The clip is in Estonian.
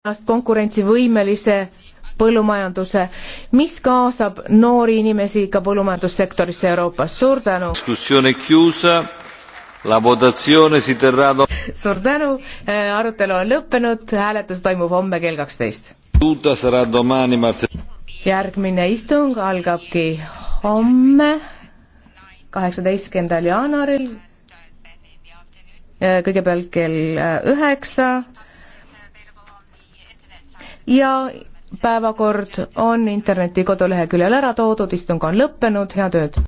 ennast konkurentsivõimelise põllumajanduse, mis kaasab noori inimesi ka põllumajandussektorisse Euroopas. suur tänu! suur tänu, äh, arutelu on lõppenud, hääletus toimub homme kell kaksteist. järgmine istung algabki homme, kaheksateistkümnendal jaanuaril, äh, kõigepealt kell äh, üheksa ja päevakord on interneti koduleheküljel ära toodud, istung on lõppenud, head ööd!